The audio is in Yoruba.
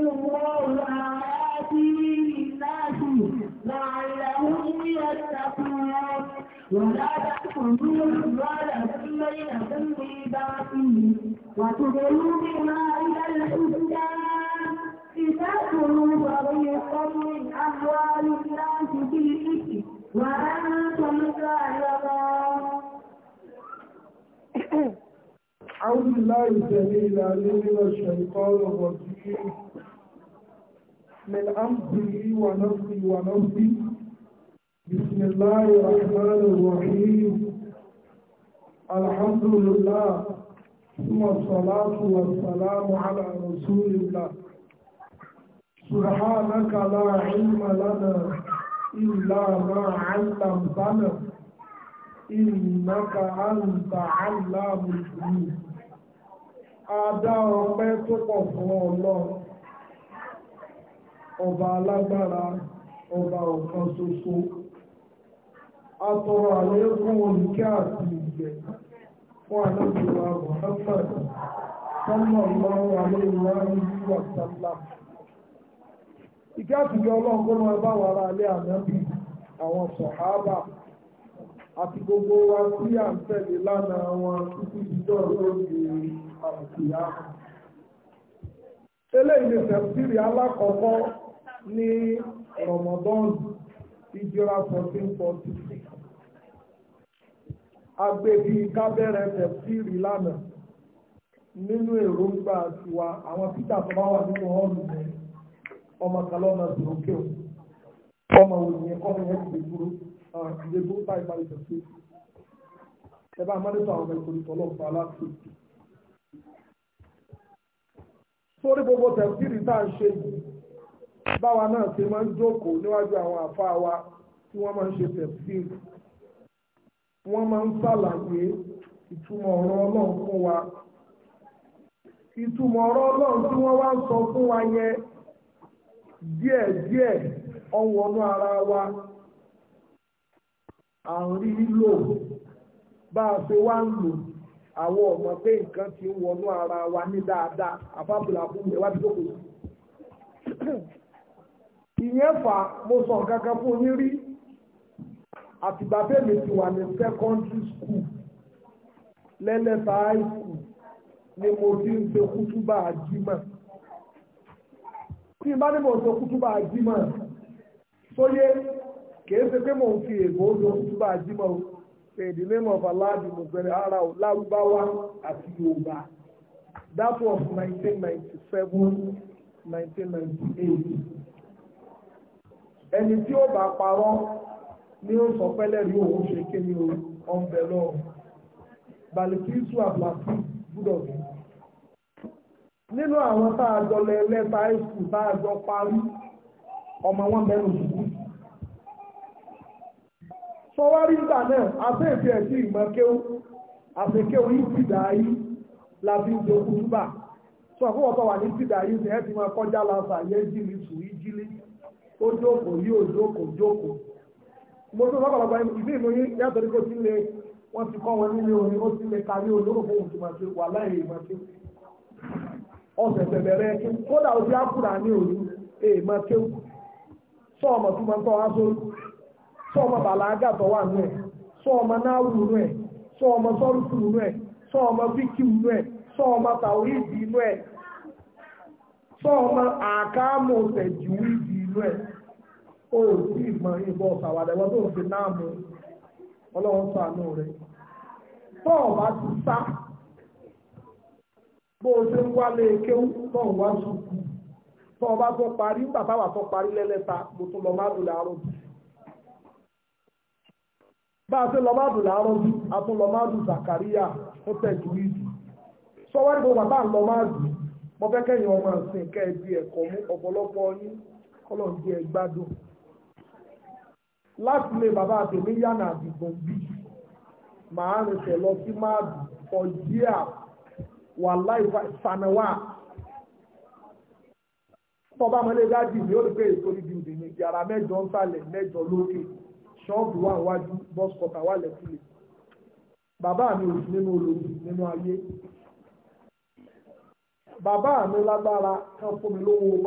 الله آياته للناس لعلهم يتقون ولا تأخذوا الظالم بينكم بباطل وتدعوا بما إلى الحسنى لتأكلوا فريقا من أموال الناس بالإثم وأنتم تعلمون أعوذ بالله السميع العليم من الشيطان الرجيم من أمره ونفسي ونفسي بسم الله الرحمن الرحيم الحمد لله ثم الصلاة والسلام على رسول الله سبحانك لا علم لنا إلا ما علمتنا إنك أنت علام الغيوب Adá ọpẹ́ tó ọba alágbára ọba ọ̀kan ṣoṣo atọrọ àlékún olùkẹ́ àti ìgbẹ̀ fún alágbèrè Muhammad sallallahu alaihi wa sallam ìkẹ́ àtìgbẹ́ ọlọ́run kó máa bá wàrà alẹ́ ànábì àwọn sọ̀hábà àti gbogbo wa tí à ń tẹ̀lé lánàá wọn títí ìjọ lóde àbùkù yá eléyìí ni tẹ̀síìrì alákọ̀ọ́kọ́ ní Ramadan ìjọra 1446 agbègbè kábẹ́rẹ́ tẹ̀síìrì lánàá nínú èròǹgbà tiwa àwọn títà tó bá wà nínú ọ́ọ̀lù rẹ̀ ọmọ kalọ́nà ìrókè o ọmọ òyìnbó kọ́mọ yẹn ti dèbúrú dèbúrú táì parí tẹ̀síìrì ẹ bá amádẹ́tọ̀ àwọn ọmọ ìkòlù tọ́lọ́ fún aláṣẹ sórí gbogbo tẹ̀síìrì tá à ń ṣe yìí báwa náà ṣe máa ń jókòó níwájú àwọn àfáà wa tí wọ́n máa ń ṣe tẹ̀síì wọ́n máa ń ṣàlàyé ìtumọ̀ ọ̀rọ̀ ọlọ́run fún wa ìtumọ̀ ọ̀rọ̀ ọlọ́run tí wọ́n wá ń sọ fún wa yẹn díẹ̀ díẹ̀ ọwọ́nú ara wa à ń rí lò bá a ṣe wá ń lò àwọn ọmọ pé nǹkan ti ń wọnú ara wa ní dáadáa àfábùlà fún mi wá bí tó kù ìyẹn mo sọ nǹkan fún yín rí àtìgbà tèmi wà ní secondary school lẹ́lẹ́ta high school ni mo ti ń ṣe kútúbà àjímọ̀ tí bá ní mo ṣe kútúbà àjímọ̀ sóyé kìí ṣe pé mo ń fi ègbò ṣe kútúbà àjímọ̀ èdè name of Allah di mo bẹ̀rẹ̀ ara o lárúbáwá àti yorùbá that was 1997 1998 ẹni tí ó bá parọ́ ni ó sọ pẹ́lẹ́ rí òun ṣe kí ni ọ̀nbẹ lọ balikisu abdulhafi gbúdọ̀ bí. nínú àwọn tá a jọ lẹ lẹ́ta ẹ̀sùn tá a jọ parí ọmọ wọn mẹ́rin sùkú. sọwárí nígbà náà afẹ́fẹ́ ẹ̀sì ìmọ̀kéwú àfẹ́kéwú yìí ti dà yí láti ń dokú túbà sọ fún ọ̀tọ̀ wà ní ti dà yí ṣe ti máa kọjá lásà yẹ́ jìlì sùn yí jìlì ó jókòó yóò jókòó jókòó mo tún lọ́pọ̀lọpọ̀ ìdí ìmúyí yàtọ̀ ní kò sí lè wọ́n ti kọ́ wọn nílé orin ó sì lè kárí olóró fún òun tó máa ṣe wà láì ìmọ̀ sí ọ̀sẹ̀ tẹ̀bẹ̀rẹ̀ kí kódà ojú àkùrà ní òru èèmọ̀ kéwù tó máa ń tọ́ wá sórí wà ẹ̀ ẹ̀ ẹ̀ ẹ̀ ojú ẹ̀ ò tí ì mọ ìbọn ṣàwádẹ́wọ́ tó fi náà mú ọlọ́run ṣàánú rẹ̀ tó o bá ti sá bó o ṣe ń wálé kéwú wá sùkú bàbá wa tó parí lẹ́lẹ́ta mo tún lọ jù bá a ṣe lọ má a tún lọ ó bàbá ń lọ ọmọ ẹ̀kọ́ kọ́lọ̀ ń jẹ́ gbádùn láti lè bàbá àtẹ̀mí yànnà àdìgbọ̀n bí màá rìnṣẹ̀ lọ sí máàdù ọ̀jíà wà láì sànàwà tọ́ba mọ́lẹ́ dájì ni ó lè pé ètò ìdí ìdí ni yàrá mẹ́jọ ń sàlẹ̀ mẹ́jọ lókè ṣọ́ọ̀bù wà wájú bọ́sùkọ̀tà wà lẹ́kùlẹ̀ bàbá mi ò sí nínú olóògùn nínú ayé bàbá mi lágbára kan fún mi lówó